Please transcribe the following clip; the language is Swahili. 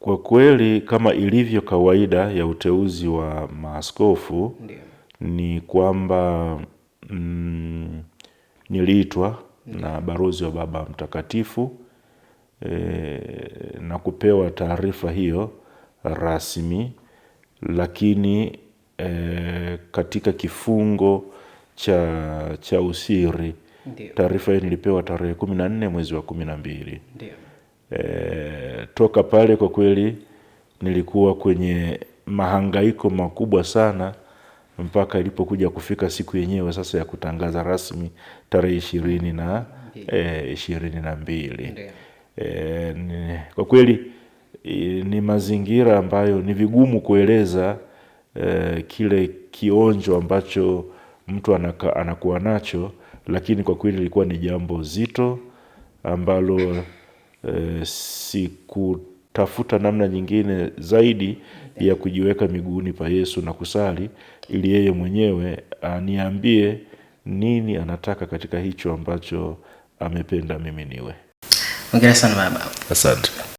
Kwa kweli kama ilivyo kawaida ya uteuzi wa maaskofu ni kwamba mm, niliitwa na barozi wa Baba Mtakatifu e, na kupewa taarifa hiyo rasmi, lakini e, katika kifungo cha, cha usiri taarifa hiyo nilipewa tarehe kumi na nne mwezi wa kumi na mbili. E, kutoka pale, kwa kweli nilikuwa kwenye mahangaiko makubwa sana mpaka ilipokuja kufika siku yenyewe sasa ya kutangaza rasmi tarehe ishirini na eh, ishirini na mbili. E, ni, kwa kweli ni mazingira ambayo ni vigumu kueleza e, kile kionjo ambacho mtu anaka, anakuwa nacho, lakini kwa kweli ilikuwa ni jambo zito ambalo e, sikutafuta namna nyingine zaidi ya kujiweka miguuni pa Yesu na kusali ili yeye mwenyewe aniambie nini anataka katika hicho ambacho amependa mimi niwe. Hongera sana baba. Asante.